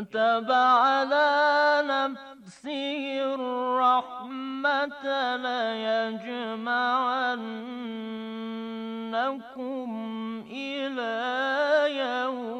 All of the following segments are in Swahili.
كتب على نفسه الرحمة ليجمعنكم إلى يوم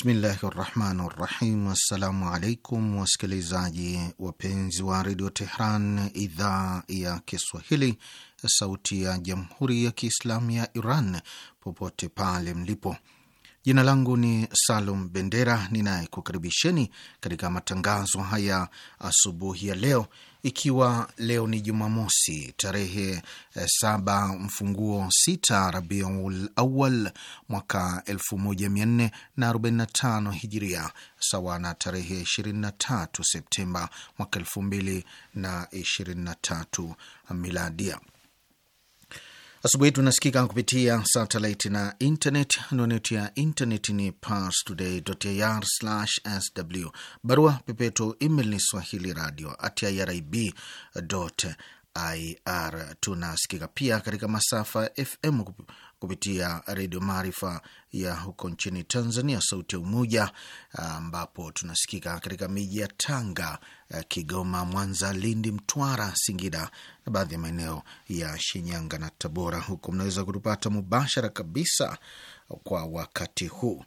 Bismillahi rahmani rahim. Assalamu alaikum wasikilizaji wapenzi wa redio Tehran, idhaa ya Kiswahili, sauti ya jamhuri ya kiislamu ya Iran, popote pale mlipo. Jina langu ni Salum Bendera ninayekukaribisheni katika matangazo haya asubuhi ya leo ikiwa leo ni Jumamosi tarehe eh, saba mfunguo sita Rabiul Awal mwaka tano Hijria, sawa na tarehe tatu Septemba mwaka elfu mbili na tatu Miladia. Asubuhi tunasikika kupitia satelaiti na internet. Anwani yetu ya internet ni parstoday.ir/sw. Barua pepeto email ni swahili radio at irib.ir. Tunasikika pia katika masafa FM kupitia Redio Maarifa ya huko nchini Tanzania, Sauti ya Umoja, ambapo tunasikika katika miji ya Tanga, Kigoma, Mwanza, Lindi, Mtwara, Singida na baadhi ya maeneo ya Shinyanga na Tabora. Huko mnaweza kutupata mubashara kabisa kwa wakati huu.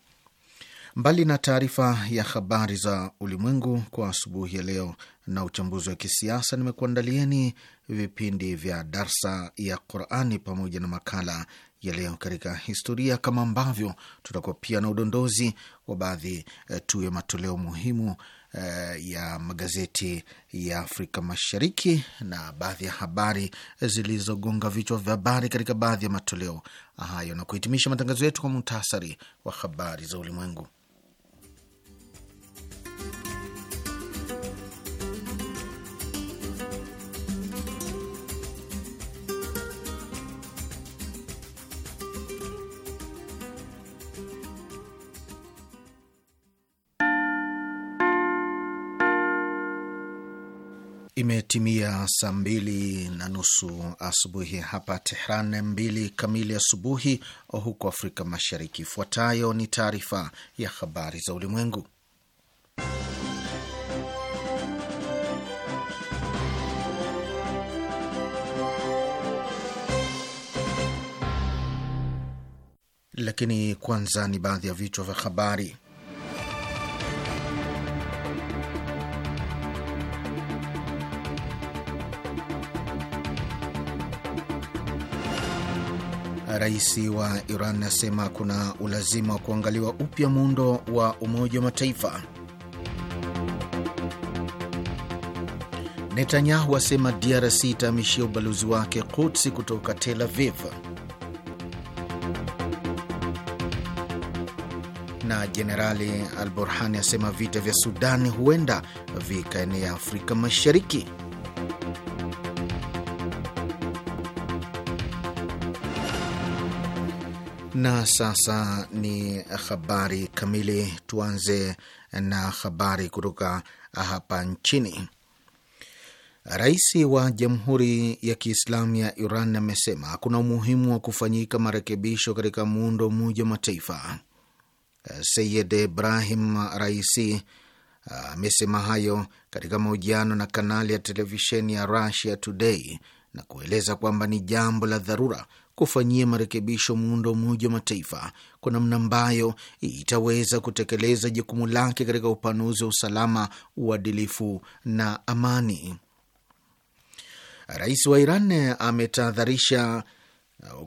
Mbali na taarifa ya habari za ulimwengu kwa asubuhi ya leo na uchambuzi wa kisiasa, nimekuandalieni vipindi vya darsa ya Qurani pamoja na makala ya leo katika historia, kama ambavyo tutakuwa pia na udondozi wa baadhi eh, tu ya matoleo muhimu eh, ya magazeti ya Afrika Mashariki na baadhi ya habari zilizogonga vichwa vya habari katika baadhi ya matoleo hayo na kuhitimisha matangazo yetu kwa muhtasari wa habari za ulimwengu. imetimia saa mbili na nusu asubuhi hapa Tehran, mbili kamili asubuhi huko Afrika Mashariki. Ifuatayo ni taarifa ya habari za ulimwengu, lakini kwanza ni baadhi ya vichwa vya habari. Rais wa Iran asema kuna ulazima wa kuangaliwa upya muundo wa Umoja wa Mataifa. Netanyahu asema DRC itahamishia ubalozi wake kutsi kutoka Tel Aviv. Na Jenerali Al Burhani asema vita vya Sudani huenda vikaenea Afrika Mashariki. Na sasa ni habari kamili. Tuanze na habari kutoka hapa nchini. Rais wa Jamhuri ya Kiislamu ya Iran amesema kuna umuhimu wa kufanyika marekebisho katika muundo wa Umoja wa Mataifa. Sayid Ibrahim Raisi amesema hayo katika mahojiano na kanali ya televisheni ya Russia Today na kueleza kwamba ni jambo la dharura kufanyia marekebisho muundo wa Umoja wa Mataifa kwa namna ambayo itaweza kutekeleza jukumu lake katika upanuzi wa usalama, uadilifu na amani. Rais wa Iran ametahadharisha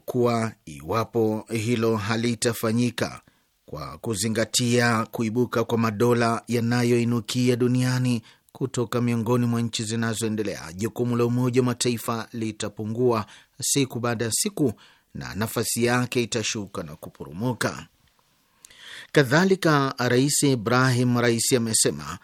kuwa iwapo hilo halitafanyika kwa kuzingatia kuibuka kwa madola yanayoinukia duniani kutoka miongoni mwa nchi zinazoendelea, jukumu la Umoja wa Mataifa litapungua siku baada ya siku na nafasi yake itashuka na kuporomoka. Kadhalika, Rais Ibrahim Raisi amesema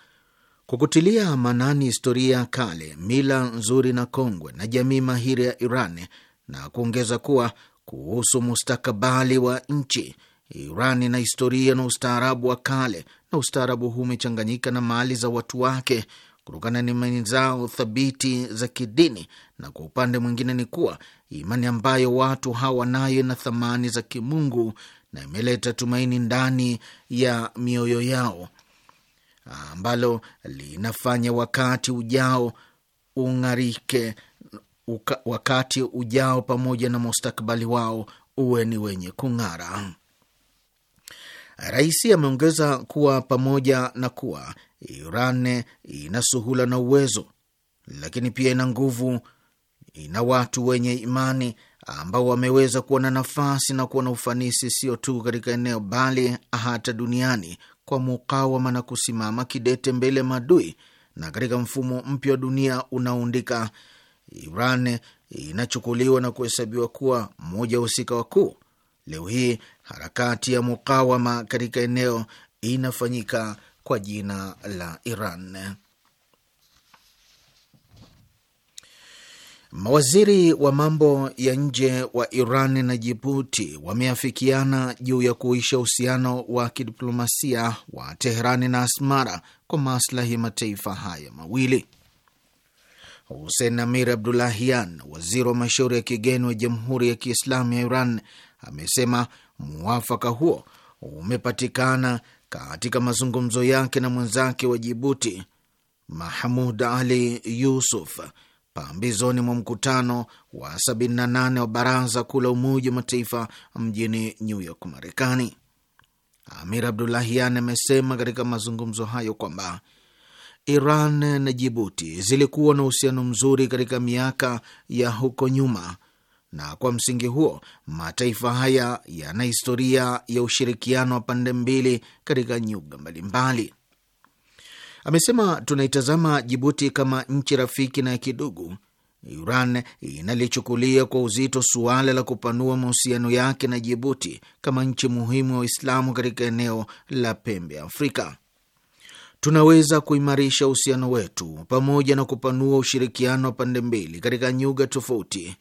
kwa kutilia maanani historia ya kale, mila nzuri na kongwe na jamii mahiri ya Iran, na kuongeza kuwa kuhusu mustakabali wa nchi, Iran ina historia na ustaarabu wa kale na ustaarabu huu umechanganyika na mali za watu wake kutokana na imani zao thabiti za kidini, na kwa upande mwingine ni kuwa imani ambayo watu hawa nayo na thamani za kimungu na imeleta tumaini ndani ya mioyo yao ambalo linafanya wakati ujao ung'arike, uka, wakati ujao pamoja na mustakabali wao uwe ni wenye kung'ara rais ameongeza kuwa pamoja na kuwa Iran ina suhula na uwezo, lakini pia ina nguvu, ina watu wenye imani ambao wameweza kuwa na nafasi na kuwa na ufanisi, sio tu katika eneo bali hata duniani, kwa mukawama na kusimama kidete mbele maadui. Na katika mfumo mpya wa dunia unaoundika, Iran inachukuliwa na kuhesabiwa kuwa mmoja wa husika wakuu. Leo hii harakati ya mukawama katika eneo inafanyika kwa jina la Iran. Mawaziri wa mambo ya nje wa Iran na Jibuti wameafikiana juu ya kuisha uhusiano wa kidiplomasia wa Teherani na Asmara kwa maslahi mataifa haya mawili. Husein Amir Abdulahian, waziri wa mashauri ya kigeni wa Jamhuri ya Kiislamu ya Iran, amesema Muafaka huo umepatikana katika mazungumzo yake na mwenzake wa Jibuti mahmud Ali Yusuf pambizoni mwa mkutano wa 78 wa Baraza Kuu la Umoja wa Mataifa mjini New York, Marekani. Amir Abdulahian amesema katika mazungumzo hayo kwamba Iran na Jibuti zilikuwa na uhusiano mzuri katika miaka ya huko nyuma na kwa msingi huo mataifa haya yana historia ya ushirikiano wa pande mbili katika nyuga mbalimbali. Amesema tunaitazama Jibuti kama nchi rafiki na ya kidugu. Iran inalichukulia kwa uzito suala la kupanua mahusiano yake na Jibuti kama nchi muhimu ya Waislamu katika eneo la pembe ya Afrika. Tunaweza kuimarisha uhusiano wetu pamoja na kupanua ushirikiano wa pande mbili katika nyuga tofauti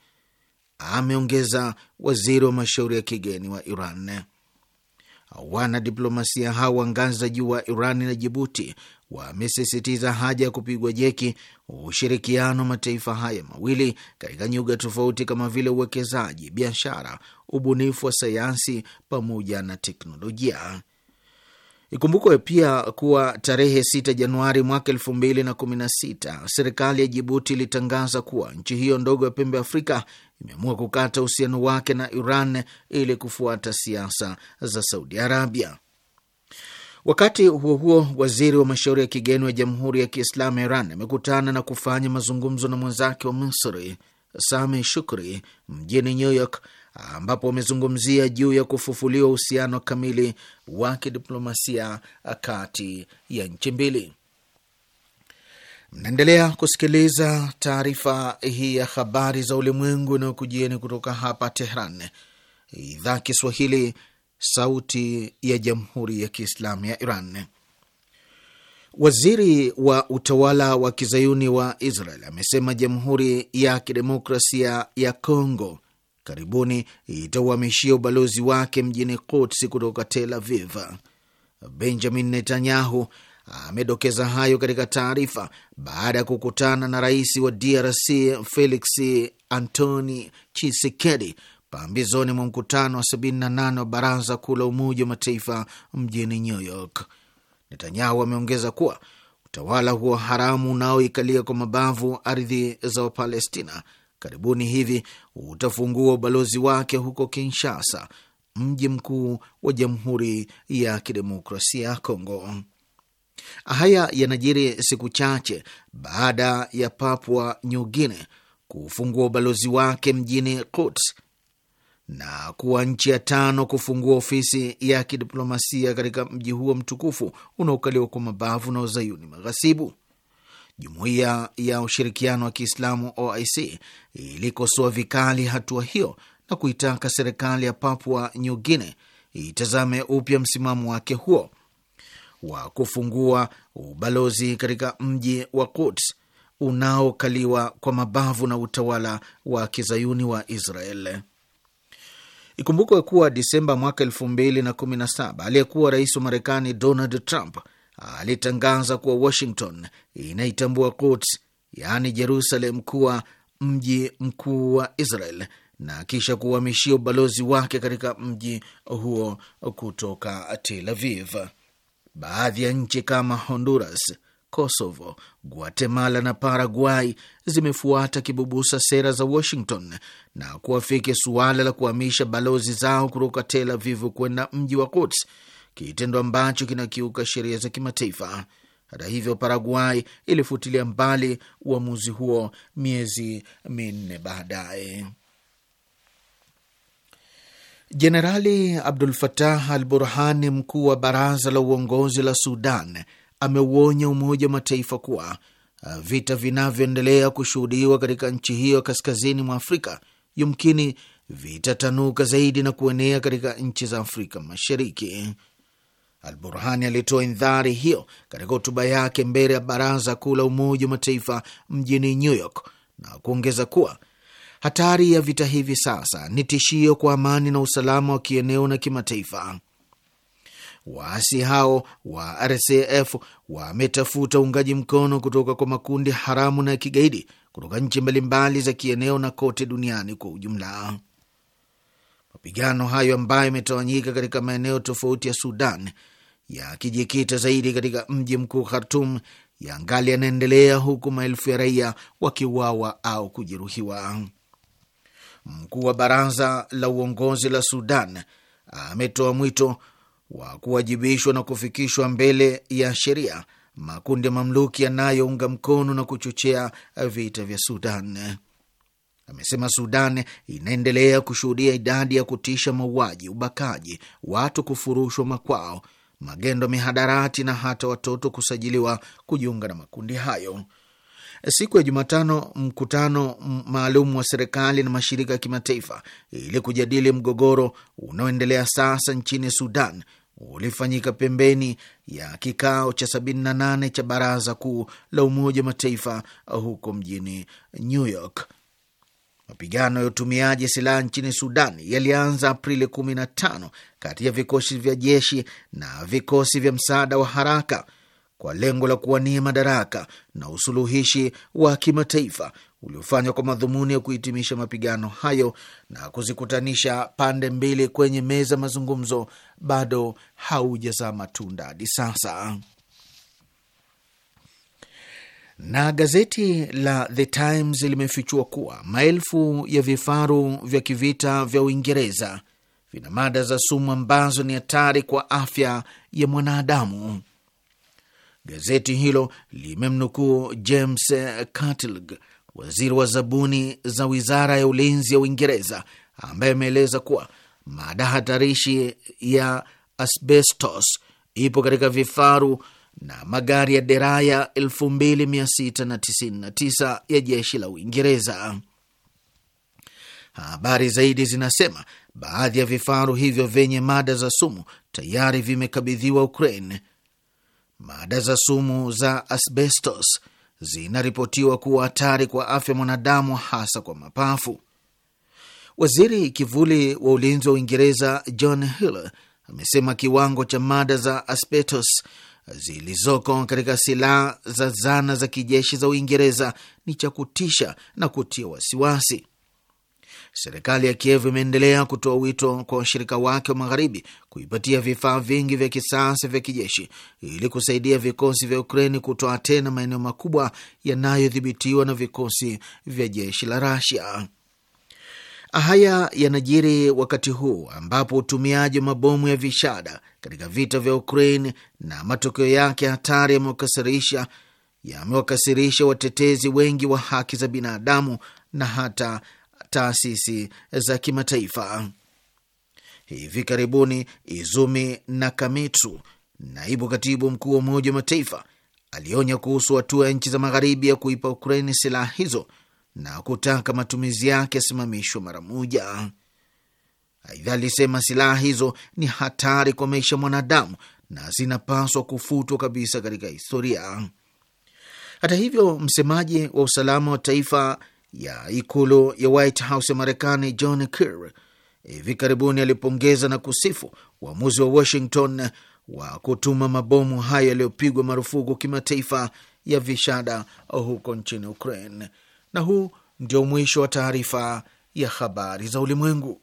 ameongeza waziri wa mashauri ya kigeni wa Iran. Wanadiplomasia hao wa ngazi za juu wa Iran na Jibuti wamesisitiza haja ya kupigwa jeki ushirikiano wa mataifa haya mawili katika nyuga tofauti kama vile uwekezaji, biashara, ubunifu wa sayansi pamoja na teknolojia. Ikumbukwe pia kuwa tarehe 6 Januari mwaka 2016 serikali ya Jibuti ilitangaza kuwa nchi hiyo ndogo ya pembe Afrika imeamua kukata uhusiano wake na Iran ili kufuata siasa za Saudi Arabia. Wakati huo huo, waziri wa mashauri ya kigeni wa Jamhuri ya Kiislamu ya Iran amekutana na kufanya mazungumzo na mwenzake wa Misri Sami Shukri mjini New York, ambapo wamezungumzia juu ya kufufuliwa uhusiano kamili wa kidiplomasia kati ya nchi mbili. Mnaendelea kusikiliza taarifa hii ya habari za ulimwengu inayokujieni kutoka hapa Tehran, idhaa Kiswahili, sauti ya jamhuri ya kiislamu ya Iran. Waziri wa utawala wa kizayuni wa Israel amesema jamhuri ya kidemokrasia ya congo karibuni itauhamishia ubalozi wake mjini Quds kutoka Tel Aviv. Benjamin Netanyahu amedokeza hayo katika taarifa baada ya kukutana na rais wa DRC Felix Antoni Chisekedi pambizoni mwa mkutano wa 78 wa Baraza Kuu la Umoja wa Mataifa mjini New York. Netanyahu ameongeza kuwa utawala huo haramu unaoikalia kwa mabavu ardhi za Wapalestina karibuni hivi utafungua ubalozi wake huko Kinshasa, mji mkuu wa Jamhuri ya Kidemokrasia ya Kongo. Haya yanajiri siku chache baada ya Papua New Guinea kufungua ubalozi wake mjini Quds na kuwa nchi ya tano kufungua ofisi ya kidiplomasia katika mji huo mtukufu unaokaliwa kwa mabavu na uzayuni maghasibu. Jumuiya ya Ushirikiano wa Kiislamu OIC ilikosoa vikali hatua hiyo na kuitaka serikali ya Papua New Guinea itazame upya msimamo wake huo wa kufungua ubalozi katika mji wa Quds unaokaliwa kwa mabavu na utawala wa kizayuni wa Israel. Ikumbukwe kuwa Disemba mwaka elfu mbili na kumi na saba aliyekuwa rais wa Marekani Donald Trump alitangaza kuwa Washington inaitambua Quds, yaani Jerusalem, kuwa mji mkuu wa Israel na kisha kuuhamishia ubalozi wake katika mji huo kutoka Tel Aviv. Baadhi ya nchi kama Honduras, Kosovo, Guatemala na Paraguay zimefuata kibubusa sera za Washington na kuwafiki suala la kuhamisha balozi zao kutoka Tel Avivu kwenda mji wa Quds, kitendo ambacho kinakiuka sheria za kimataifa. Hata hivyo, Paraguay ilifutilia mbali uamuzi huo miezi minne baadaye. Jenerali Abdul Fatah Al Burhani, mkuu wa baraza la uongozi la Sudan, ameuonya Umoja wa Mataifa kuwa uh, vita vinavyoendelea kushuhudiwa katika nchi hiyo kaskazini mwa Afrika yumkini vitatanuka zaidi na kuenea katika nchi za Afrika Mashariki. Al Burhani alitoa indhari hiyo katika hotuba yake mbele ya Baraza Kuu la Umoja wa Mataifa mjini New York na kuongeza kuwa Hatari ya vita hivi sasa ni tishio kwa amani na usalama wa kieneo na kimataifa. Waasi hao wa RSF wametafuta uungaji mkono kutoka kwa makundi haramu na ya kigaidi kutoka nchi mbalimbali za kieneo na kote duniani kwa ujumla. Mapigano hayo ambayo yametawanyika katika maeneo tofauti ya Sudan, yakijikita zaidi katika mji mkuu Khartum, yangali yanaendelea huku maelfu ya raia wakiuawa au kujeruhiwa mkuu wa baraza la uongozi la Sudan ametoa mwito wa kuwajibishwa na kufikishwa mbele ya sheria makundi ya mamluki yanayounga mkono na kuchochea vita vya Sudan. Amesema Sudan inaendelea kushuhudia idadi ya kutisha mauaji, ubakaji, watu kufurushwa makwao, magendo mihadarati na hata watoto kusajiliwa kujiunga na makundi hayo siku ya Jumatano mkutano maalum wa serikali na mashirika ya kimataifa ili kujadili mgogoro unaoendelea sasa nchini Sudan ulifanyika pembeni ya kikao cha 78 cha Baraza Kuu la Umoja wa Mataifa huko mjini New York. Mapigano ya utumiaji silaha nchini Sudan yalianza Aprili 15 kati ya vikosi vya jeshi na vikosi vya msaada wa haraka kwa lengo la kuwania madaraka na usuluhishi wa kimataifa uliofanywa kwa madhumuni ya kuhitimisha mapigano hayo na kuzikutanisha pande mbili kwenye meza mazungumzo bado haujazaa matunda hadi sasa. Na gazeti la The Times limefichua kuwa maelfu ya vifaru vya kivita vya Uingereza vina mada za sumu ambazo ni hatari kwa afya ya mwanadamu. Gazeti hilo limemnukuu James Cartledge, waziri wa zabuni za wizara ya ulinzi ya Uingereza, ambaye ameeleza kuwa mada hatarishi ya asbestos ipo katika vifaru na magari ya deraya 2699 ya jeshi la Uingereza. Habari zaidi zinasema baadhi ya vifaru hivyo vyenye mada za sumu tayari vimekabidhiwa Ukraine mada za sumu za asbestos zinaripotiwa kuwa hatari kwa afya mwanadamu, hasa kwa mapafu. Waziri kivuli wa ulinzi wa Uingereza John Hill amesema kiwango cha mada za asbestos zilizoko katika silaha za zana za kijeshi za Uingereza ni cha kutisha na kutia wasiwasi serikali ya Kiev imeendelea kutoa wito kwa washirika wake wa magharibi kuipatia vifaa vingi vya kisasa vya kijeshi ili kusaidia vikosi vya Ukraini kutoa tena maeneo makubwa yanayodhibitiwa na vikosi vya jeshi la Rasia. Haya yanajiri wakati huu ambapo utumiaji wa mabomu ya vishada katika vita vya Ukraine na matokeo yake hatari yamewakasirisha yamewakasirisha watetezi wengi wa haki za binadamu na hata taasisi za kimataifa. Hivi karibuni Izumi Nakamitsu, naibu katibu mkuu wa Umoja wa Mataifa, alionya kuhusu hatua ya nchi za magharibi ya kuipa Ukraini silaha hizo na kutaka matumizi yake yasimamishwe mara moja. Aidha, alisema silaha hizo ni hatari kwa maisha ya mwanadamu na zinapaswa kufutwa kabisa katika historia. Hata hivyo, msemaji wa usalama wa taifa ya ikulu ya White House ya Marekani, John Kerry hivi karibuni alipongeza na kusifu uamuzi wa Washington wa kutuma mabomu hayo yaliyopigwa marufuku kimataifa ya vishada huko nchini Ukraine. Na huu ndio mwisho wa taarifa ya habari za ulimwengu.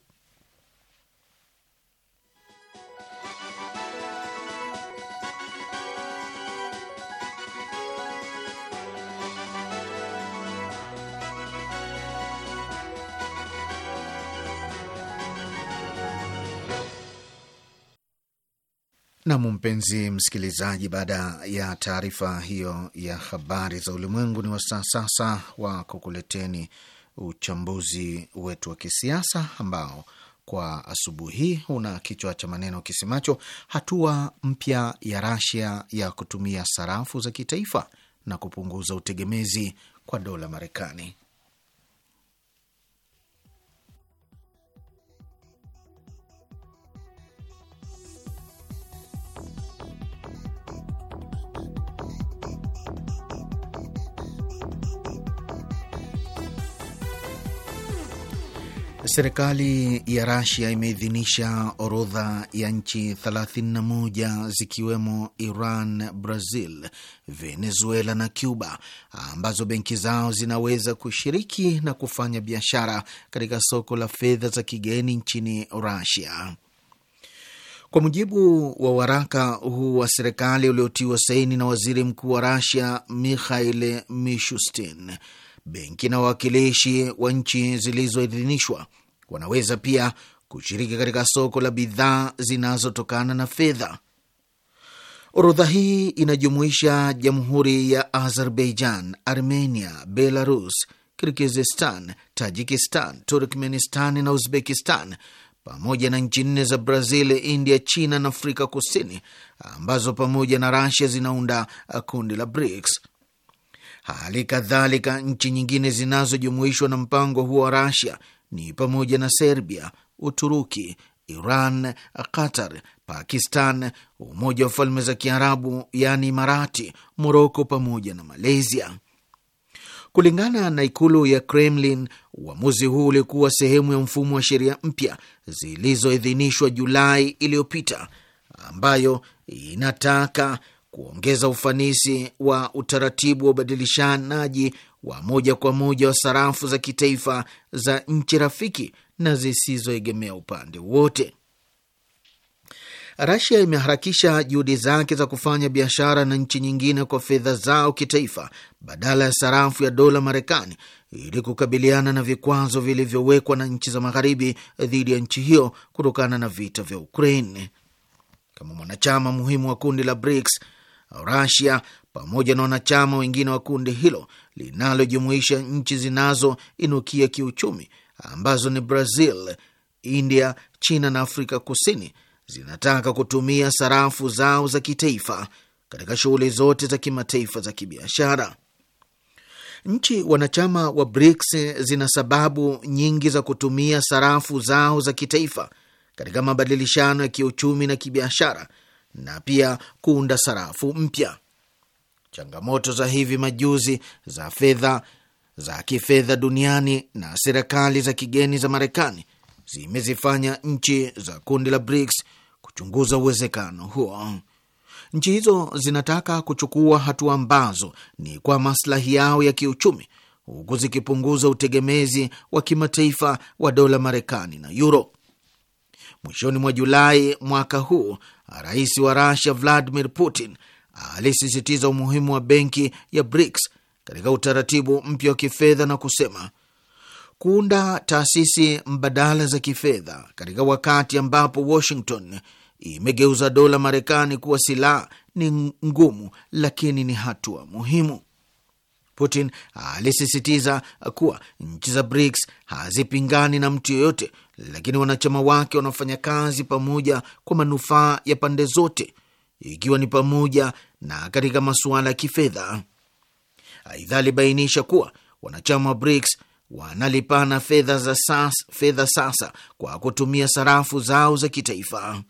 Nam, mpenzi msikilizaji, baada ya taarifa hiyo ya habari za ulimwengu, ni wasaa sasa wa kukuleteni uchambuzi wetu wa kisiasa ambao kwa asubuhi hii una kichwa cha maneno kisemacho hatua mpya ya Rasia ya kutumia sarafu za kitaifa na kupunguza utegemezi kwa dola Marekani. Serikali ya Rasia imeidhinisha orodha ya nchi 31 zikiwemo Iran, Brazil, Venezuela na Cuba ambazo benki zao zinaweza kushiriki na kufanya biashara katika soko la fedha za kigeni nchini Rasia. Kwa mujibu wa waraka huu wa serikali uliotiwa saini na waziri mkuu wa Rasia Mikhail Mishustin, benki na wawakilishi wa nchi zilizoidhinishwa wanaweza pia kushiriki katika soko la bidhaa zinazotokana na fedha. Orodha hii inajumuisha Jamhuri ya Azerbaijan, Armenia, Belarus, Kirgizistan, Tajikistan, Turkmenistan na Uzbekistan pamoja na nchi nne za Brazil, India, China na Afrika Kusini ambazo pamoja na Rasia zinaunda kundi la BRICS. Hali kadhalika nchi nyingine zinazojumuishwa na mpango huo wa Rasia ni pamoja na Serbia, Uturuki, Iran, Qatar, Pakistan, Umoja wa Falme za Kiarabu yaani Imarati, Moroko pamoja na Malaysia. Kulingana na ikulu ya Kremlin, uamuzi huu ulikuwa sehemu ya mfumo wa sheria mpya zilizoidhinishwa Julai iliyopita ambayo inataka kuongeza ufanisi wa utaratibu wa ubadilishanaji wa moja kwa moja wa sarafu za kitaifa za nchi rafiki na zisizoegemea upande wote. Rasia imeharakisha juhudi zake za kufanya biashara na nchi nyingine kwa fedha zao kitaifa badala ya sarafu ya dola Marekani ili kukabiliana na vikwazo vilivyowekwa na nchi za magharibi dhidi ya nchi hiyo kutokana na vita vya Ukraine. Kama mwanachama muhimu wa kundi la BRICS, Rasia pamoja na wanachama wengine wa kundi hilo linalojumuisha nchi zinazoinukia kiuchumi ambazo ni Brazil, India, China na Afrika Kusini zinataka kutumia sarafu zao za kitaifa katika shughuli zote za kimataifa za kibiashara. Nchi wanachama wa BRICS zina sababu nyingi za kutumia sarafu zao za kitaifa katika mabadilishano ya kiuchumi na kibiashara na pia kuunda sarafu mpya changamoto za hivi majuzi za fedha za kifedha duniani na serikali za kigeni za Marekani zimezifanya nchi za kundi la BRICS kuchunguza uwezekano huo. Nchi hizo zinataka kuchukua hatua ambazo ni kwa maslahi yao ya kiuchumi, huku zikipunguza utegemezi wa kimataifa wa dola Marekani na Euro. Mwishoni mwa Julai mwaka huu, rais wa Rusia Vladimir Putin alisisitiza umuhimu wa benki ya BRICS katika utaratibu mpya wa kifedha na kusema kuunda taasisi mbadala za kifedha katika wakati ambapo Washington imegeuza dola Marekani kuwa silaha ni ngumu, lakini ni hatua muhimu. Putin alisisitiza kuwa nchi za BRICS hazipingani na mtu yoyote, lakini wanachama wake wanafanya kazi pamoja kwa manufaa ya pande zote ikiwa ni pamoja na katika masuala ya kifedha. Aidha, alibainisha kuwa wanachama wa BRICS wanalipana fedha za sasa, fedha sasa kwa kutumia sarafu zao za kitaifa.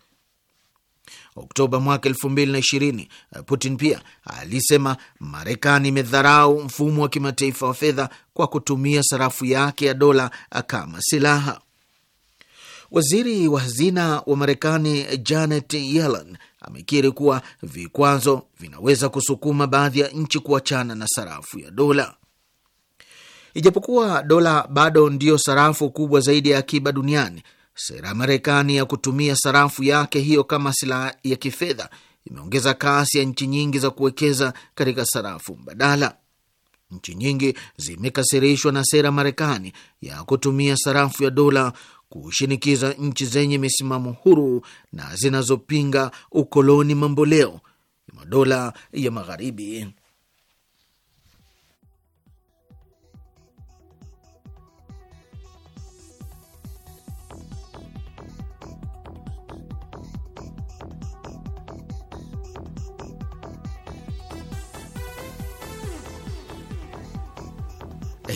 Oktoba mwaka elfu mbili na ishirini, Putin pia alisema Marekani imedharau mfumo wa kimataifa wa fedha kwa kutumia sarafu yake ya dola kama silaha. Waziri wa hazina wa Marekani Janet Yellen amekiri kuwa vikwazo vinaweza kusukuma baadhi ya nchi kuachana na sarafu ya dola. Ijapokuwa dola bado ndiyo sarafu kubwa zaidi ya akiba duniani, sera ya Marekani ya kutumia sarafu yake hiyo kama silaha ya kifedha imeongeza kasi ya nchi nyingi za kuwekeza katika sarafu mbadala. Nchi nyingi zimekasirishwa na sera Marekani ya kutumia sarafu ya dola kushinikiza nchi zenye misimamo huru na zinazopinga ukoloni mamboleo ya madola ya Magharibi.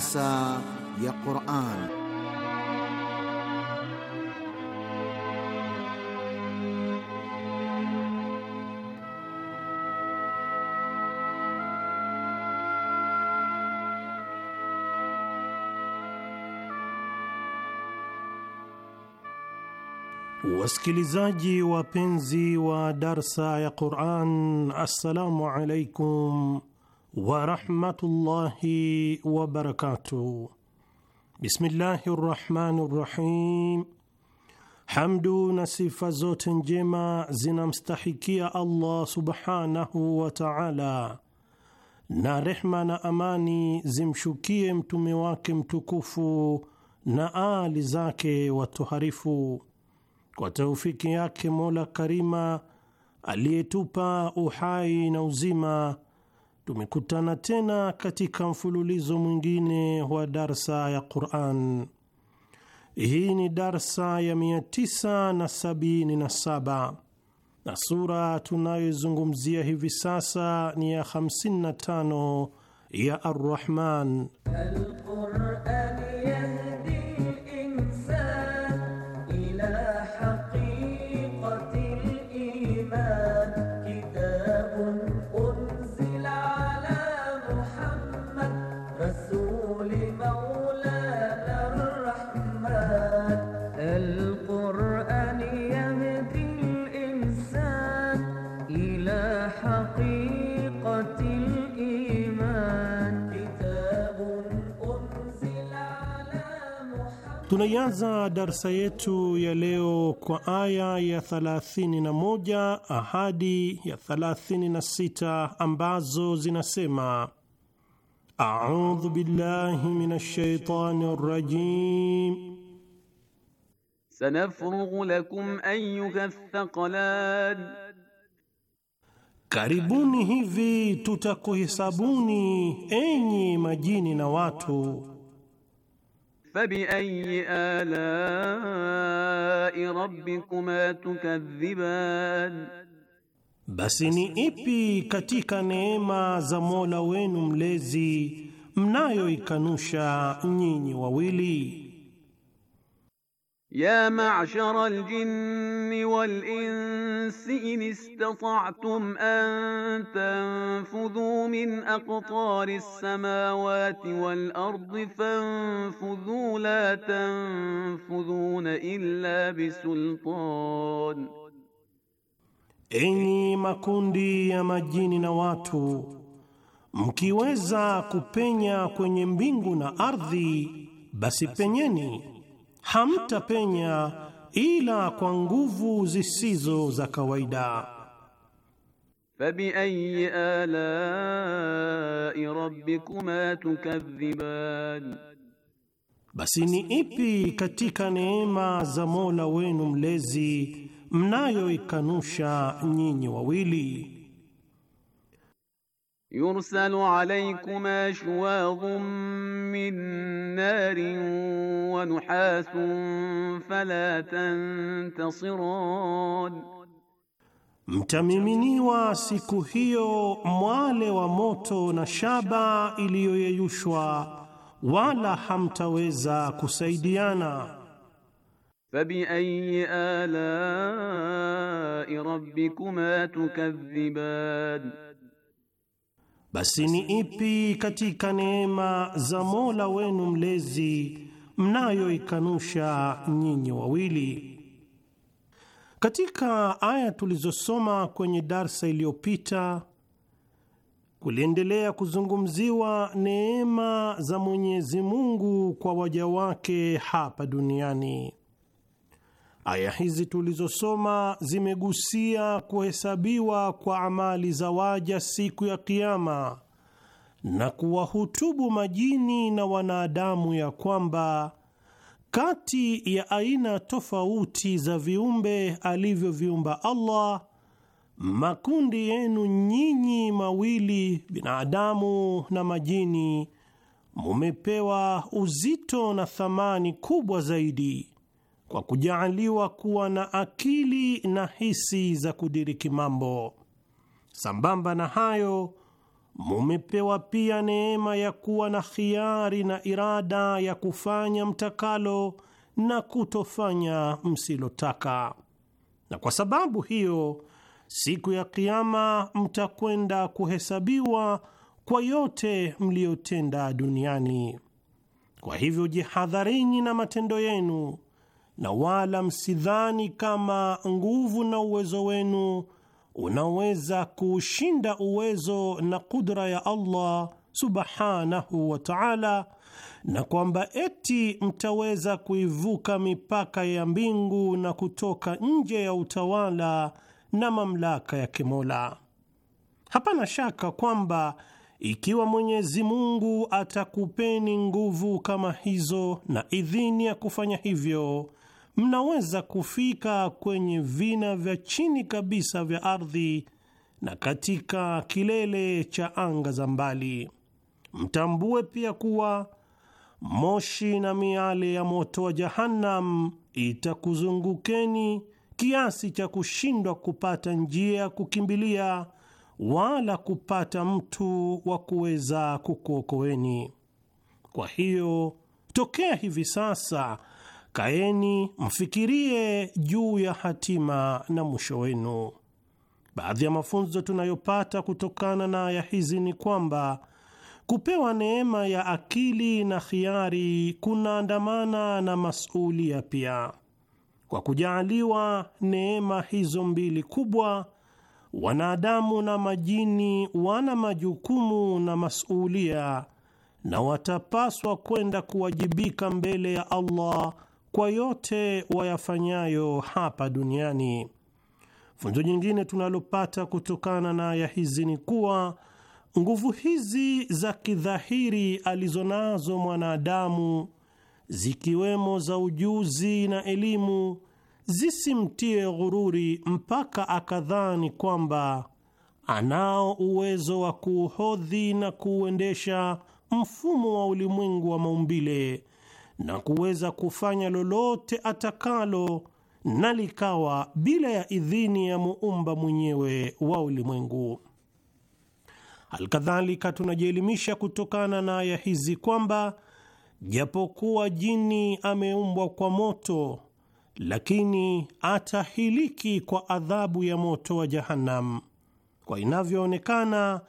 درس يا قرآن Wasikilizaji wapenzi wa darsa ya Quran, assalamu alaikum wa rahmatullahi wa barakatuh. Bismillahi rahmani rahim. Hamdu na sifa zote njema zinamstahikia Allah subhanahu wa ta'ala, na rehma na amani zimshukie mtume wake mtukufu na ali zake watoharifu. Kwa taufiki yake Mola Karima aliyetupa uhai na uzima tumekutana tena katika mfululizo mwingine wa darsa ya Quran. Hii ni darsa ya 977 na sura tunayozungumzia hivi sasa ni ya 55 ya Arrahman Al Tunaianza darsa yetu ya leo kwa aya ya 31 ahadi ya 36 ambazo zinasema: audhu billahi rajim sanafrughu lakum ayyuha thaqalan, karibuni hivi tutakuhesabuni enyi majini na watu Fabiayi alai rabbikuma tukadhiban, basi ni ipi katika neema za Mola wenu mlezi mnayoikanusha nyinyi wawili? ya ma'shara al-jinni wal-insi in istata'tum an tanfudhu min aqtari as-samawati wal-ardi fanfudhu la tanfudhuna makundi ya majini na watu, mkiweza kupenya kwenye mbingu na ardhi, basi penyeni hamtapenya ila kwa nguvu zisizo za kawaida. Fabiayi alai rabbikuma tukadhiban, basi ni ipi katika neema za Mola wenu mlezi mnayoikanusha nyinyi wawili? يرسل عليكما شواظ من نار ونحاس فلا تنتصران mtamiminiwa siku hiyo mwale wa moto na shaba iliyoyeyushwa wala hamtaweza kusaidiana fabiayi alai rabbikuma tukadhiban Basi ni ipi katika neema za Mola wenu mlezi mnayoikanusha nyinyi wawili? Katika aya tulizosoma kwenye darsa iliyopita kuliendelea kuzungumziwa neema za Mwenyezi Mungu kwa waja wake hapa duniani. Aya hizi tulizosoma zimegusia kuhesabiwa kwa amali za waja siku ya Kiama na kuwahutubu majini na wanadamu ya kwamba kati ya aina tofauti za viumbe alivyoviumba Allah, makundi yenu nyinyi mawili, binadamu na majini, mumepewa uzito na thamani kubwa zaidi kwa kujaaliwa kuwa na akili na hisi za kudiriki mambo. Sambamba na hayo, mumepewa pia neema ya kuwa na khiari na irada ya kufanya mtakalo na kutofanya msilotaka. Na kwa sababu hiyo, siku ya Kiama mtakwenda kuhesabiwa kwa yote mliyotenda duniani. Kwa hivyo, jihadharini na matendo yenu na wala msidhani kama nguvu na uwezo wenu unaweza kuushinda uwezo na kudra ya Allah subhanahu wa ta'ala, na kwamba eti mtaweza kuivuka mipaka ya mbingu na kutoka nje ya utawala na mamlaka ya Kimola. Hapana shaka kwamba ikiwa Mwenyezi Mungu atakupeni nguvu kama hizo na idhini ya kufanya hivyo mnaweza kufika kwenye vina vya chini kabisa vya ardhi na katika kilele cha anga za mbali. Mtambue pia kuwa moshi na miale ya moto wa Jahannam itakuzungukeni kiasi cha kushindwa kupata njia ya kukimbilia wala kupata mtu wa kuweza kukuokoeni. Kwa hiyo tokea hivi sasa Kaeni mfikirie juu ya hatima na mwisho wenu. Baadhi ya mafunzo tunayopata kutokana na aya hizi ni kwamba kupewa neema ya akili na khiari kunaandamana na masulia pia. Kwa kujaaliwa neema hizo mbili kubwa, wanadamu na majini wana majukumu na masulia, na watapaswa kwenda kuwajibika mbele ya Allah kwa yote wayafanyayo hapa duniani. Funzo jingine tunalopata kutokana na aya hizi ni kuwa nguvu hizi za kidhahiri alizonazo mwanadamu zikiwemo za ujuzi na elimu zisimtie ghururi mpaka akadhani kwamba anao uwezo wa kuuhodhi na kuuendesha mfumo wa ulimwengu wa maumbile na kuweza kufanya lolote atakalo na likawa bila ya idhini ya muumba mwenyewe wa ulimwengu. Alkadhalika, tunajielimisha kutokana na aya hizi kwamba japokuwa jini ameumbwa kwa moto, lakini atahiliki kwa adhabu ya moto wa Jahannam. Kwa inavyoonekana,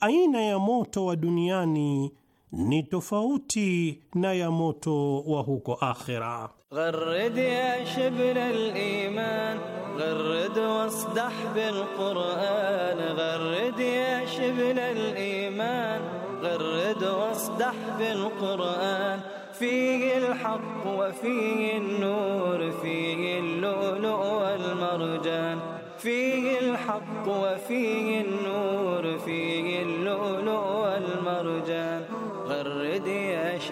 aina ya moto wa duniani ni tofauti na ya moto wa huko akhira. Gharrid ya shibna al-iman gharrid wasdah bil-Quran gharrid ya shibna al-iman gharrid wasdah bil-Quran فيه الحق وفيه النور فيه اللؤلؤ والمرجان فيه الحق وفيه النور فيه اللؤلؤ والمرجان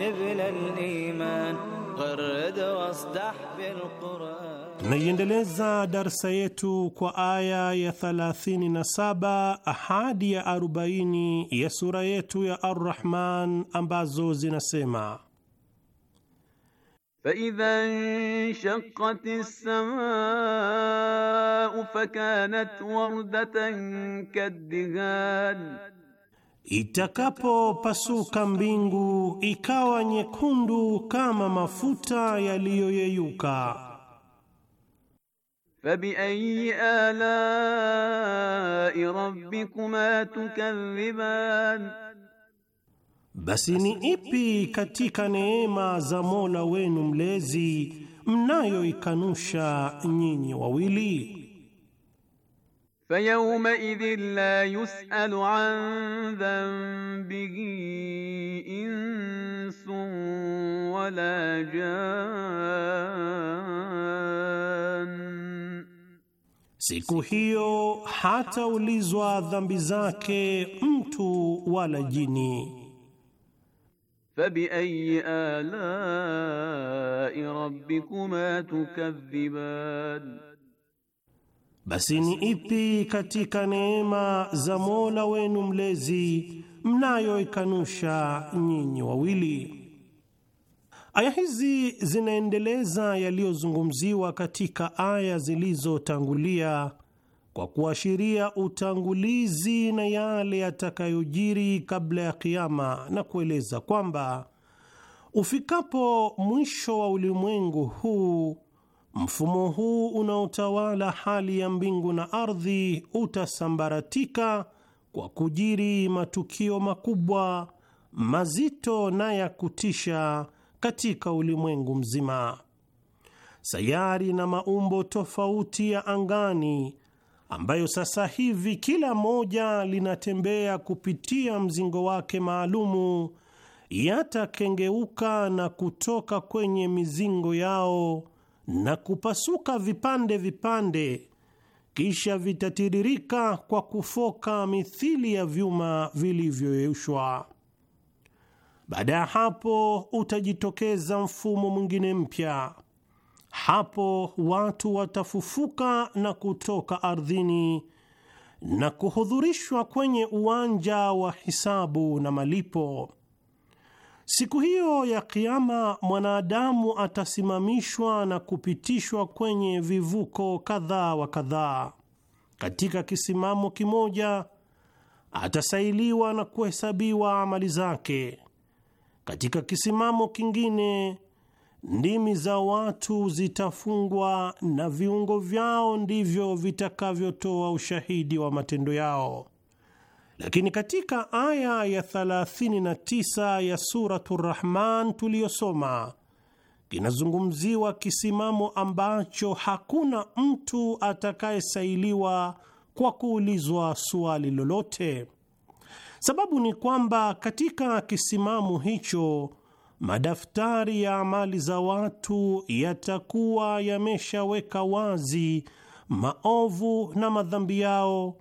نبل الإيمان غرد واصدح بالقرآن Naiendeleza darsa yetu kwa aya ya 37 ahadi ya 40 ya sura yetu ya Ar-Rahman ambazo zinasema فإذا انشقت السماء فكانت وردة كالدهان Itakapopasuka mbingu ikawa nyekundu kama mafuta yaliyoyeyuka. Fabi ayi alai rabbikuma tukadhiban, basi ni ipi katika neema za Mola wenu mlezi mnayoikanusha nyinyi wawili? فيومئذ لا يسأل عن ذنبه إنس ولا جان Siku hiyo hataulizwa dhambi zake mtu ولا jini. فبأي آلاء ربكما تكذبان Basi ni ipi katika neema za Mola wenu mlezi mnayoikanusha nyinyi wawili? Aya hizi zinaendeleza yaliyozungumziwa katika aya zilizotangulia kwa kuashiria utangulizi na yale yatakayojiri kabla ya kiama na kueleza kwamba ufikapo mwisho wa ulimwengu huu Mfumo huu unaotawala hali ya mbingu na ardhi utasambaratika kwa kujiri matukio makubwa, mazito na ya kutisha katika ulimwengu mzima. Sayari na maumbo tofauti ya angani ambayo sasa hivi kila moja linatembea kupitia mzingo wake maalumu yatakengeuka na kutoka kwenye mizingo yao na kupasuka vipande vipande, kisha vitatiririka kwa kufoka mithili ya vyuma vilivyoyeyushwa. Baada ya hapo utajitokeza mfumo mwingine mpya. Hapo watu watafufuka na kutoka ardhini na kuhudhurishwa kwenye uwanja wa hisabu na malipo. Siku hiyo ya Kiama mwanadamu atasimamishwa na kupitishwa kwenye vivuko kadhaa wa kadhaa. Katika kisimamo kimoja atasailiwa na kuhesabiwa amali zake, katika kisimamo kingine ndimi za watu zitafungwa na viungo vyao ndivyo vitakavyotoa ushahidi wa matendo yao. Lakini katika aya ya 39 ya Suratu Rahman tuliyosoma kinazungumziwa kisimamo ambacho hakuna mtu atakayesailiwa kwa kuulizwa suali lolote. Sababu ni kwamba katika kisimamo hicho madaftari ya amali za watu yatakuwa yameshaweka wazi maovu na madhambi yao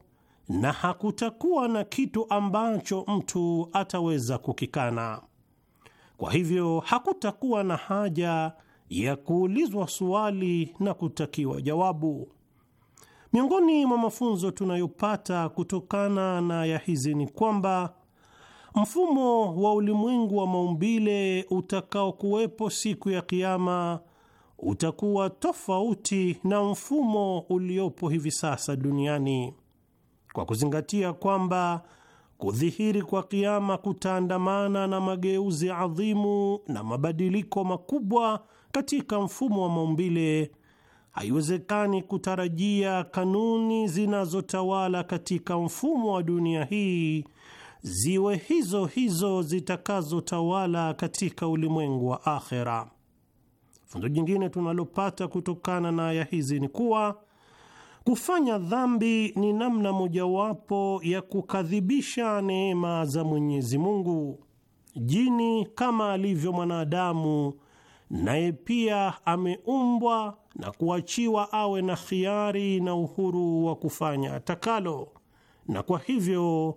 na hakutakuwa na kitu ambacho mtu ataweza kukikana. Kwa hivyo hakutakuwa na haja ya kuulizwa suali na kutakiwa jawabu. Miongoni mwa mafunzo tunayopata kutokana na ya hizi ni kwamba mfumo wa ulimwengu wa maumbile utakaokuwepo siku ya Kiama utakuwa tofauti na mfumo uliopo hivi sasa duniani kwa kuzingatia kwamba kudhihiri kwa kiama kutaandamana na mageuzi adhimu na mabadiliko makubwa katika mfumo wa maumbile, haiwezekani kutarajia kanuni zinazotawala katika mfumo wa dunia hii ziwe hizo hizo zitakazotawala katika ulimwengu wa akhera. Funzo jingine tunalopata kutokana na aya hizi ni kuwa Kufanya dhambi ni namna mojawapo ya kukadhibisha neema za Mwenyezi Mungu. Jini kama alivyo mwanadamu, naye pia ameumbwa na kuachiwa awe na khiari na uhuru wa kufanya atakalo, na kwa hivyo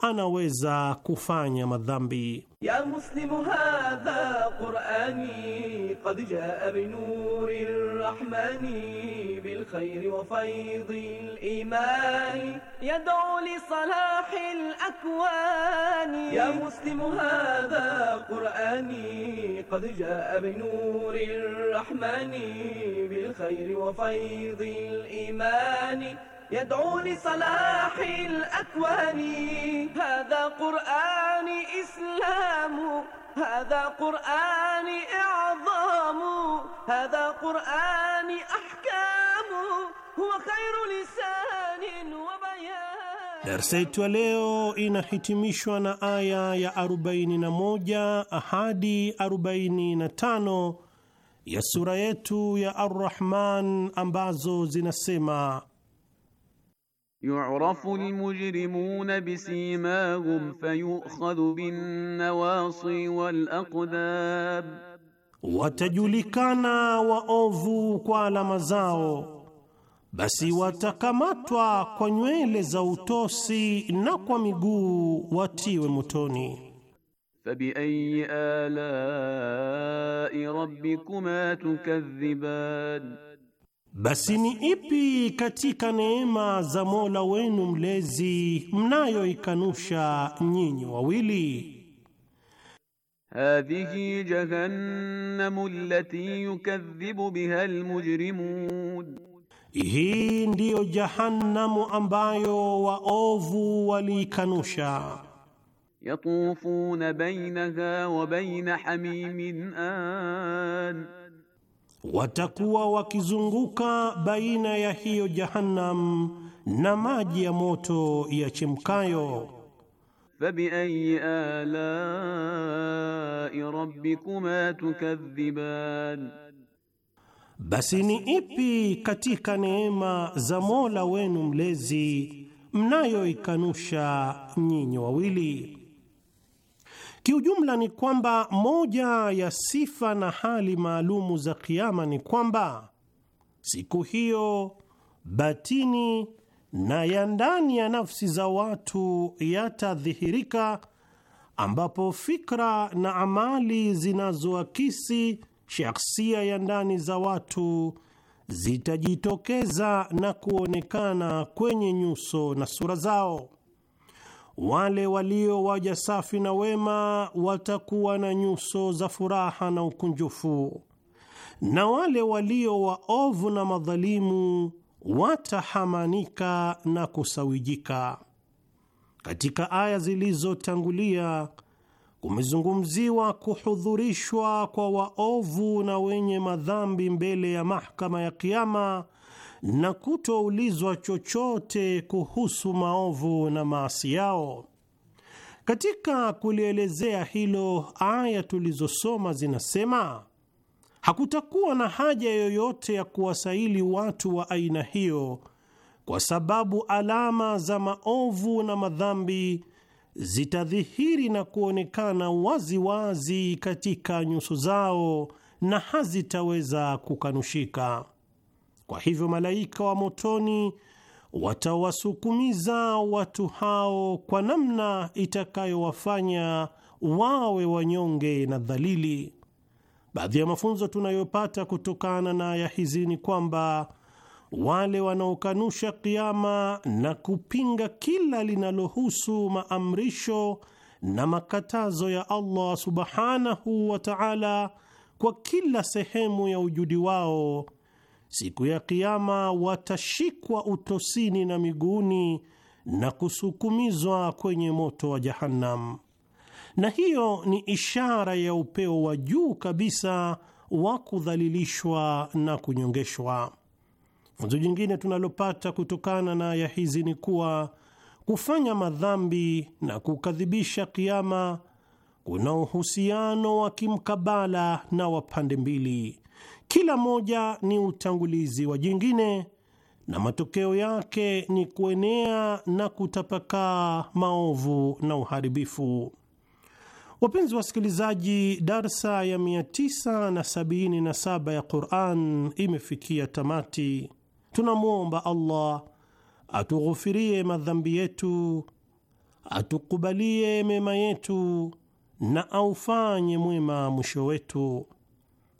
anaweza kufanya madhambi. ya muslimu hadha qurani qad jaa binuri bil bilkhairi wa faydhi limani yad'u li al akwani ya muslimu hadha qurani qad jaa binuri bil bilkhairi wa faydhi limani يدعو لصلاح الأكوان هذا قرآن إسلام هذا قرآن إعظام هذا قرآن أحكام هو خير لسان وبيان درس yetu leo inahitimishwa na aya ya 41 ahadi 45 ya sura yetu ya Ar-Rahman ambazo zinasema يعرف المجرمون بسيماهم فيؤخذ بالنواصي والأقداب watajulikana waovu kwa alama zao, basi watakamatwa kwa nywele za utosi na kwa miguu watiwe motoni. fabiayi alai rabbikuma tukadhiban Basi ni ipi katika neema za Mola wenu mlezi mnayoikanusha nyinyi wawili? Hadhihi jahannamu allati yukadhibu biha almujrimun, hii ndiyo jahannamu ambayo waovu waliikanusha. Yatufuna bainaha wa baina hamimin an watakuwa wakizunguka baina ya hiyo Jahannam na maji ya moto ya chemkayo. ayi alai rabbikuma tukadhiban, basi ni ipi katika neema za Mola wenu mlezi mnayoikanusha nyinyi wawili? Kiujumla ni kwamba moja ya sifa na hali maalumu za kiama ni kwamba siku hiyo batini na ya ndani ya nafsi za watu yatadhihirika, ambapo fikra na amali zinazoakisi shakhsia ya ndani za watu zitajitokeza na kuonekana kwenye nyuso na sura zao. Wale walio waja safi na wema watakuwa na nyuso za furaha na ukunjufu, na wale walio waovu na madhalimu watahamanika na kusawijika. Katika aya zilizotangulia kumezungumziwa kuhudhurishwa kwa waovu na wenye madhambi mbele ya mahakama ya Kiama na kutoulizwa chochote kuhusu maovu na maasi yao. Katika kulielezea hilo, aya tulizosoma zinasema hakutakuwa na haja yoyote ya kuwasaili watu wa aina hiyo, kwa sababu alama za maovu na madhambi zitadhihiri na kuonekana waziwazi wazi katika nyuso zao na hazitaweza kukanushika. Kwa hivyo malaika wa motoni watawasukumiza watu hao kwa namna itakayowafanya wawe wanyonge na dhalili. Baadhi ya mafunzo tunayopata kutokana na aya hizi ni kwamba wale wanaokanusha kiama na kupinga kila linalohusu maamrisho na makatazo ya Allah subhanahu wa ta'ala, kwa kila sehemu ya ujudi wao Siku ya Kiama watashikwa utosini na miguuni na kusukumizwa kwenye moto wa Jahannam, na hiyo ni ishara ya upeo wa juu kabisa wa kudhalilishwa na kunyongeshwa. Funzo jingine tunalopata kutokana na aya hizi ni kuwa kufanya madhambi na kukadhibisha kiama kuna uhusiano wa kimkabala na wa pande mbili, kila moja ni utangulizi wa jingine na matokeo yake ni kuenea na kutapakaa maovu na uharibifu. Wapenzi wasikilizaji, darsa ya 977 ya Quran imefikia tamati. Tunamwomba Allah atughufirie madhambi yetu, atukubalie mema yetu na aufanye mwema mwisho wetu.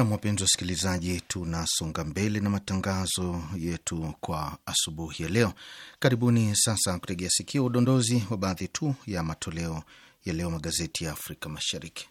Na wapenzi wasikilizaji, tunasonga mbele na matangazo yetu kwa asubuhi ya leo. Karibuni sasa kutegea sikio udondozi wa baadhi tu ya matoleo ya leo magazeti ya Afrika Mashariki.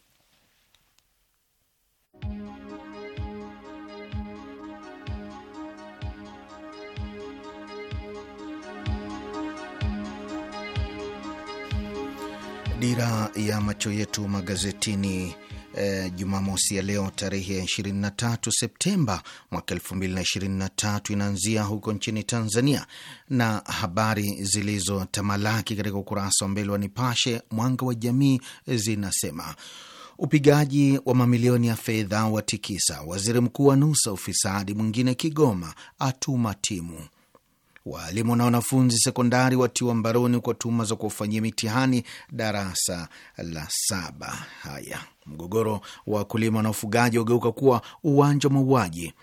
Dira ya macho yetu magazetini eh, Jumamosi ya leo tarehe ya 23 Septemba mwaka 2023 inaanzia huko nchini Tanzania, na habari zilizotamalaki katika ukurasa wa mbele wa Nipashe Mwanga wa Jamii zinasema upigaji wa mamilioni ya fedha watikisa, waziri mkuu anusa ufisadi, mwingine Kigoma atuma timu Waalimu na wanafunzi sekondari watiwa mbaroni kwa tuhuma za kuwafanyia mitihani darasa la saba. Haya, mgogoro wa wakulima na ufugaji wageuka kuwa uwanja wa mauaji.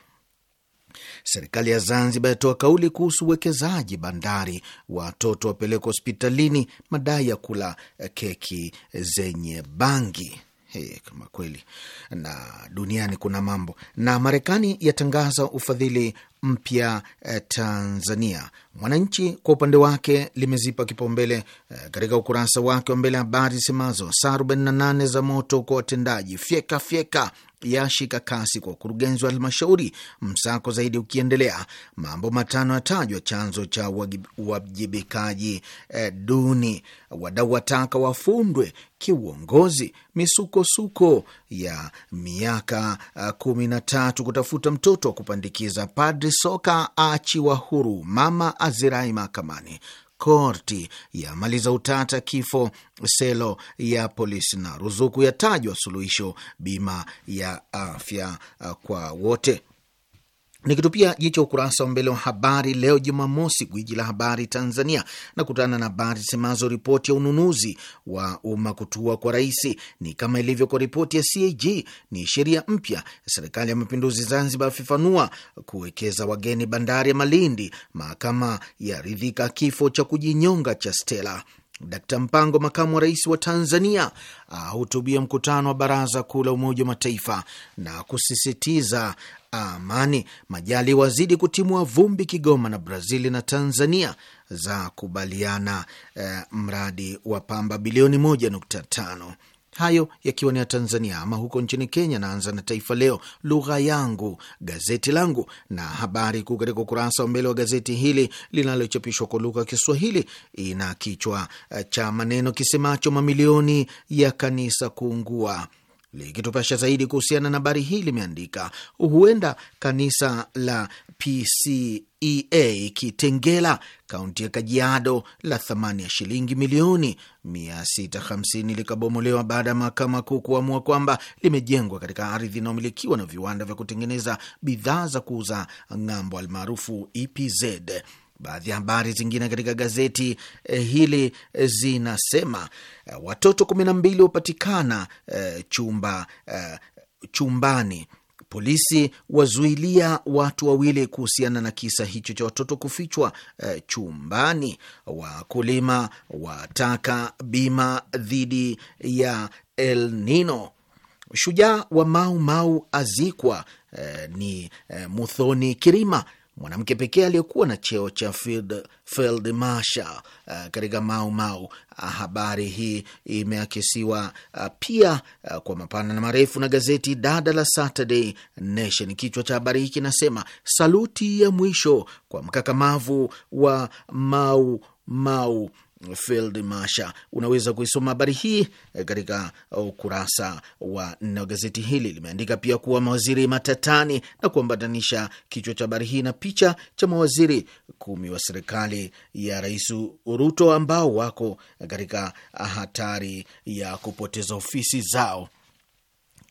Serikali ya Zanzibar yatoa kauli kuhusu uwekezaji bandari. Watoto wapelekwa hospitalini, madai ya kula keki zenye bangi. Hey, kama kweli na duniani kuna mambo. Na Marekani yatangaza ufadhili mpya eh, Tanzania. Mwananchi kwa upande wake limezipa kipaumbele eh, katika ukurasa wake wa mbele habari zisemazo saa 48 za moto kwa watendaji, fyeka fyeka yashika kasi kwa ukurugenzi wa halmashauri, msako zaidi ukiendelea, mambo matano yatajwa chanzo cha uwajibikaji eh, duni, wadau wataka wafundwe kiuongozi, misukosuko ya miaka eh, kumi na tatu kutafuta mtoto wa kupandikiza, padri soka achiwa huru, mama azirai mahakamani. Korti yamaliza utata kifo selo ya polisi na ruzuku yatajwa suluhisho bima ya afya uh, kwa wote. Nikitupia jicho ukurasa wa mbele wa habari leo Jumamosi, gwiji la habari Tanzania, na kutana na habari zisemazo ripoti ya ununuzi wa umma kutua kwa rais ni kama ilivyo kwa ripoti ya CAG, ni sheria mpya ya serikali ya mapinduzi Zanzibar yafafanua kuwekeza wageni bandari ya Malindi, mahakama yaridhika kifo cha kujinyonga cha Stella Dkt Mpango, makamu wa rais wa Tanzania, ahutubia mkutano wa baraza kuu la Umoja wa Mataifa na kusisitiza amani. majali wazidi kutimua vumbi Kigoma na Brazili na Tanzania za kubaliana eh, mradi wa pamba bilioni moja nukta tano hayo yakiwa ni ya Tanzania. Ama huko nchini Kenya, naanza na Taifa Leo, lugha yangu, gazeti langu, na habari kuu katika ukurasa wa mbele wa gazeti hili linalochapishwa kwa lugha ya Kiswahili ina kichwa eh, cha maneno kisemacho mamilioni ya kanisa kuungua. Likitupasha zaidi kuhusiana na habari hii limeandika huenda kanisa la PC EA Kitengela, kaunti ya Kajiado, la thamani ya shilingi milioni 650 likabomolewa baada ya mahakama kuu kuamua kwamba limejengwa katika ardhi inayomilikiwa na viwanda vya kutengeneza bidhaa za kuuza ng'ambo almaarufu EPZ. Baadhi ya habari zingine katika gazeti eh, hili eh, zinasema eh, watoto kumi na mbili wapatikana eh, chumba eh, chumbani Polisi wazuilia watu wawili kuhusiana na kisa hicho cha watoto kufichwa e, chumbani. Wakulima wataka bima dhidi ya El Nino. Shujaa wa Mau Mau azikwa. E, ni e, Muthoni Kirima mwanamke pekee aliyekuwa na cheo cha field, field uh, katika Mau Mau. Ah, habari hii imeakisiwa uh, pia uh, kwa mapana na marefu na gazeti dada la Saturday Nation. Kichwa cha habari hii kinasema saluti ya mwisho kwa mkakamavu wa Mau Mau Field Masha. Unaweza kuisoma habari hii eh, katika ukurasa wa nne wa gazeti hili. Limeandika pia kuwa mawaziri matatani na kuambatanisha kichwa cha habari hii na picha cha mawaziri kumi wa serikali ya Rais Ruto ambao wako katika hatari ya kupoteza ofisi zao.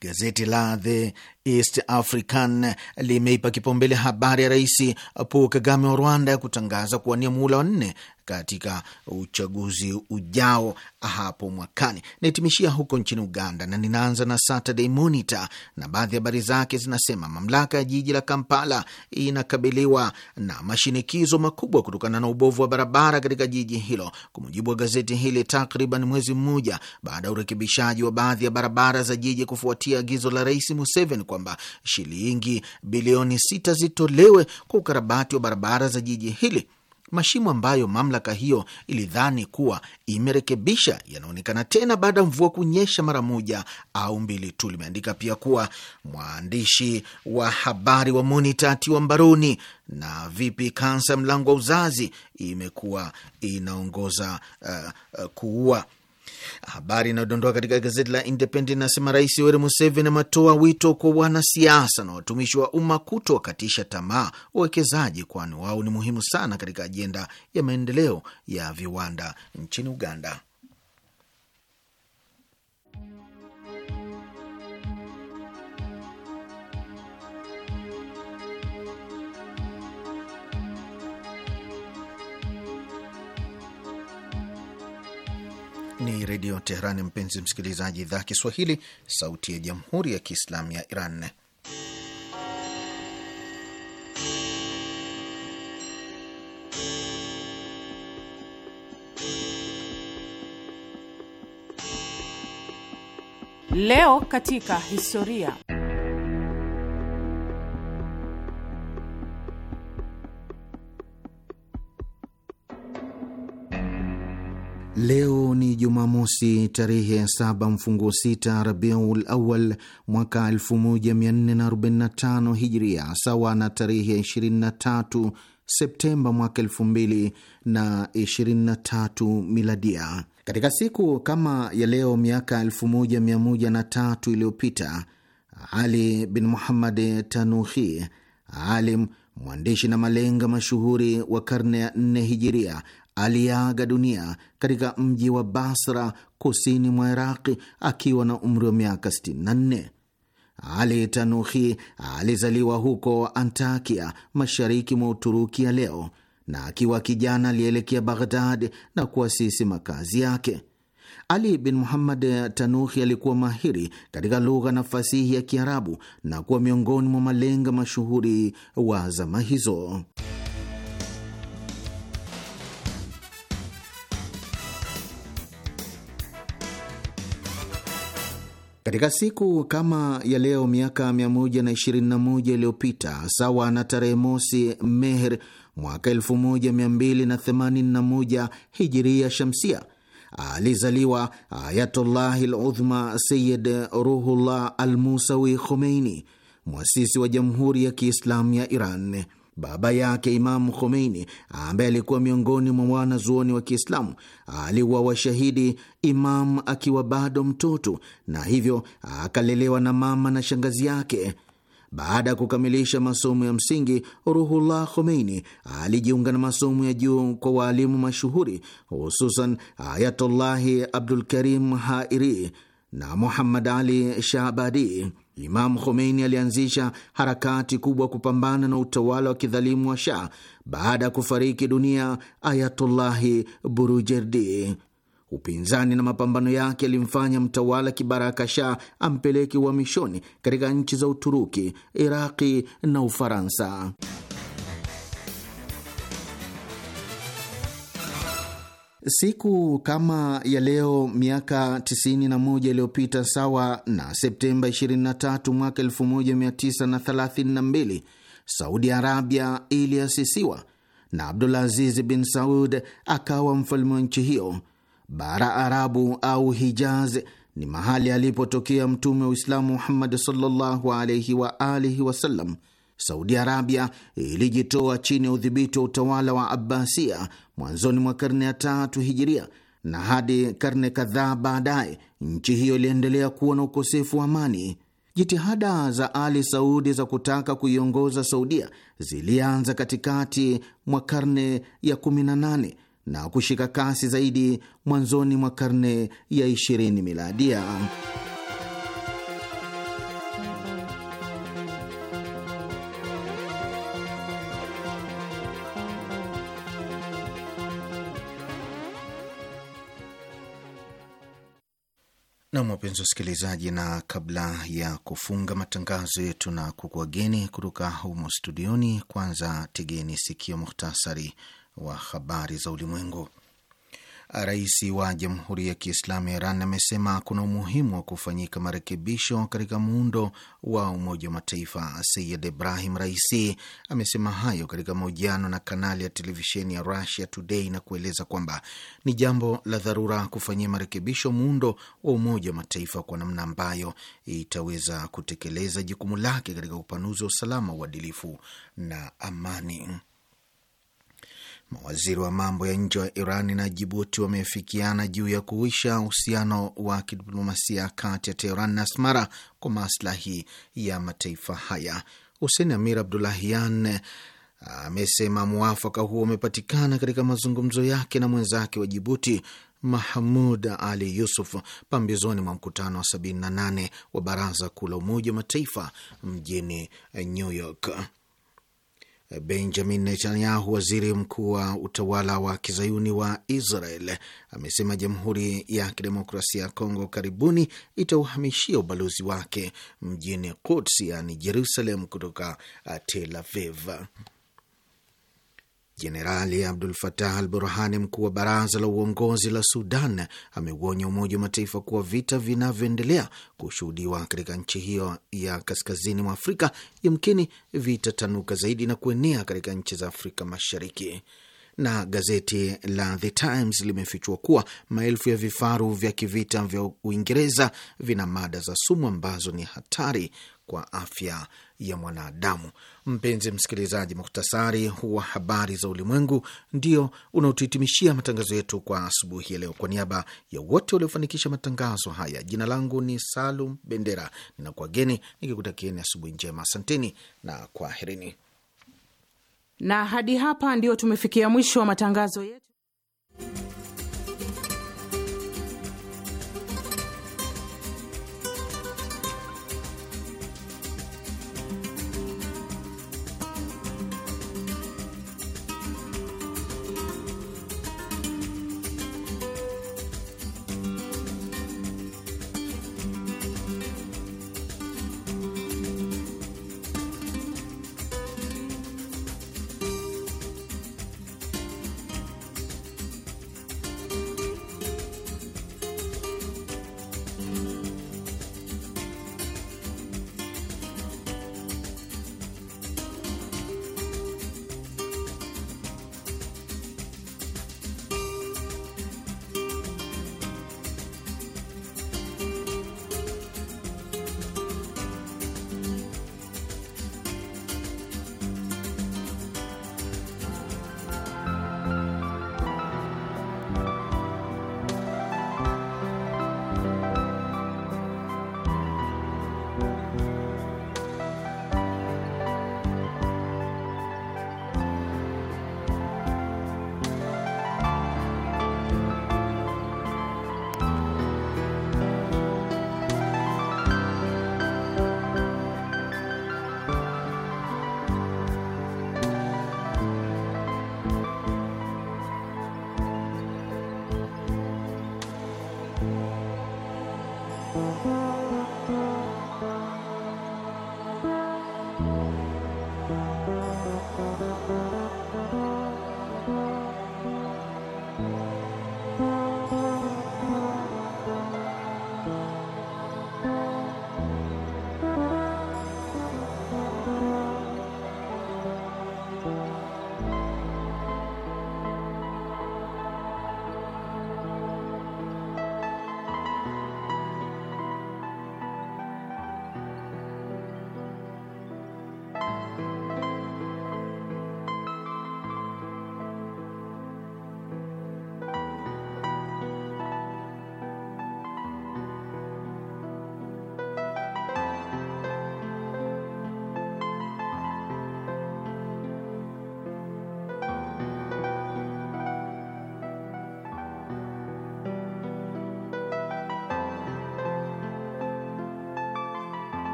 Gazeti la The East African limeipa kipaumbele habari ya Rais Paul Kagame wa Rwanda ya kutangaza kuwania muhula wa nne katika uchaguzi ujao hapo mwakani. Naitimishia huko nchini Uganda na ninaanza na Saturday Monitor na baadhi ya habari zake zinasema mamlaka ya jiji la Kampala inakabiliwa na mashinikizo makubwa kutokana na ubovu wa barabara katika jiji hilo. Kwa mujibu wa gazeti hili, takriban mwezi mmoja baada ya urekebishaji wa baadhi ya barabara za jiji kufuatia agizo la Rais Museveni kwamba shilingi bilioni sita zitolewe kwa ukarabati wa barabara za jiji hili mashimo ambayo mamlaka hiyo ilidhani kuwa imerekebisha yanaonekana tena baada ya mvua kunyesha mara moja au mbili tu. Limeandika pia kuwa mwandishi wa habari wa Monita atiwa mbaroni na vipi kansa mlango wa uzazi imekuwa inaongoza uh, uh, kuua Habari inayodondoa katika gazeti la Independent inasema Rais Yoweri Museveni ametoa wito kwa wanasiasa na watumishi wa umma kuto wakatisha tamaa wawekezaji, kwani wao ni muhimu sana katika ajenda ya maendeleo ya viwanda nchini Uganda. ni Redio Teherani. Mpenzi msikilizaji, idhaa Kiswahili, sauti ya jamhuri ya kiislamu ya Iran. Leo katika historia Jumamosi tarehe saba mfunguo sita Rabiul Awal mwaka 1445 Hijria, sawa na tarehe 23 Septemba mwaka 2023 Miladia. Katika siku kama ya leo miaka 1103 iliyopita, Ali bin Muhammad Tanuhi, alim mwandishi na malenga mashuhuri wa karne ya 4 Hijiria aliyeaga dunia katika mji wa Basra kusini mwa Iraqi akiwa na umri wa miaka 64. Ali Tanuhi alizaliwa huko Antakia, mashariki mwa Uturuki ya leo, na akiwa kijana alielekea Baghdad na kuasisi makazi yake. Ali bin Muhammad Tanuhi alikuwa mahiri katika lugha na fasihi ya Kiarabu na kuwa miongoni mwa malenga mashuhuri wa zama hizo. Katika siku kama ya leo miaka 121 iliyopita, sawa na tarehe mosi Mehr mwaka 1281 hijiria shamsia, alizaliwa Ayatullahi Ludhma Sayid Ruhullah almusawi Khomeini, mwasisi wa Jamhuri ya Kiislamu ya Iran. Baba yake Imamu Khomeini, ambaye alikuwa miongoni mwa wanazuoni wa Kiislamu, aliwa washahidi Imamu akiwa bado mtoto, na hivyo akalelewa na mama na shangazi yake. Baada ya kukamilisha masomo ya msingi, Ruhullah Khomeini alijiunga na masomo ya juu kwa waalimu mashuhuri, hususan Ayatullahi Abdulkarim Hairi na Muhammad Ali shahbadi imam Khomeini alianzisha harakati kubwa kupambana na utawala wa kidhalimu wa Shah baada ya kufariki dunia Ayatullahi Burujerdi. Upinzani na mapambano yake yalimfanya mtawala kibaraka Shah ampeleke uhamishoni katika nchi za Uturuki, Iraqi na Ufaransa. Siku kama ya leo miaka 91 iliyopita, sawa na Septemba 23 mwaka 1932, Saudi Arabia iliasisiwa na Abdulaziz bin Saud akawa mfalme wa nchi hiyo. Bara Arabu au Hijaz ni mahali alipotokea Mtume wa Uislamu Muhammad sallallahu alaihi wa alihi wasallam Saudi Arabia ilijitoa chini ya udhibiti wa utawala wa Abbasia mwanzoni mwa karne ya tatu hijiria, na hadi karne kadhaa baadaye nchi hiyo iliendelea kuwa na ukosefu wa amani. Jitihada za Ali Saudi za kutaka kuiongoza Saudia zilianza katikati mwa karne ya 18 na kushika kasi zaidi mwanzoni mwa karne ya 20 miladia. Nam, wapenzi wasikilizaji, na kabla ya kufunga matangazo yetu na kukuageni kutoka humo studioni, kwanza tegeni sikio muhtasari wa habari za ulimwengu. Rais wa Jamhuri ya Kiislamu ya Iran amesema kuna umuhimu wa kufanyika marekebisho katika muundo wa Umoja wa Mataifa. Sayid Ibrahim Raisi amesema hayo katika mahojiano na kanali ya televisheni ya Russia Today na kueleza kwamba ni jambo la dharura kufanyia marekebisho muundo wa Umoja wa Mataifa kwa namna ambayo itaweza kutekeleza jukumu lake katika upanuzi wa usalama, uadilifu na amani mawaziri wa mambo ya nje wa Iran na Jibuti wamefikiana juu ya kuisha uhusiano wa kidiplomasia kati ya Teheran na Asmara kwa maslahi ya mataifa haya. husen Amir Abdulahian amesema mwafaka huo umepatikana katika mazungumzo yake na mwenzake wa Jibuti mahmud Ali Yusuf pambizoni mwa mkutano wa 78 wa Baraza Kuu la Umoja wa Mataifa mjini New York. Benjamin Netanyahu, waziri mkuu wa utawala wa kizayuni wa Israel, amesema Jamhuri ya Kidemokrasia ya Kongo karibuni itauhamishia ubalozi wake mjini Quds, yaani Jerusalem, kutoka uh, Tel Aviv. Jenerali Abdul Fatah al Burhani, mkuu wa baraza la uongozi la Sudan, ameuonya Umoja wa Mataifa kuwa vita vinavyoendelea kushuhudiwa katika nchi hiyo ya kaskazini mwa Afrika yamkini vitatanuka zaidi na kuenea katika nchi za Afrika Mashariki. Na gazeti la The Times limefichua kuwa maelfu ya vifaru vya kivita vya Uingereza vina mada za sumu ambazo ni hatari kwa afya ya mwanadamu. Mpenzi msikilizaji, muktasari wa habari za ulimwengu ndio unaotuhitimishia matangazo yetu kwa asubuhi ya leo. Kwa niaba ya wote waliofanikisha matangazo haya, jina langu ni Salum Bendera, geni nikikutakieni asubuhi njema. Asanteni na kwaherini. Na hadi hapa ndio tumefikia mwisho wa matangazo yetu.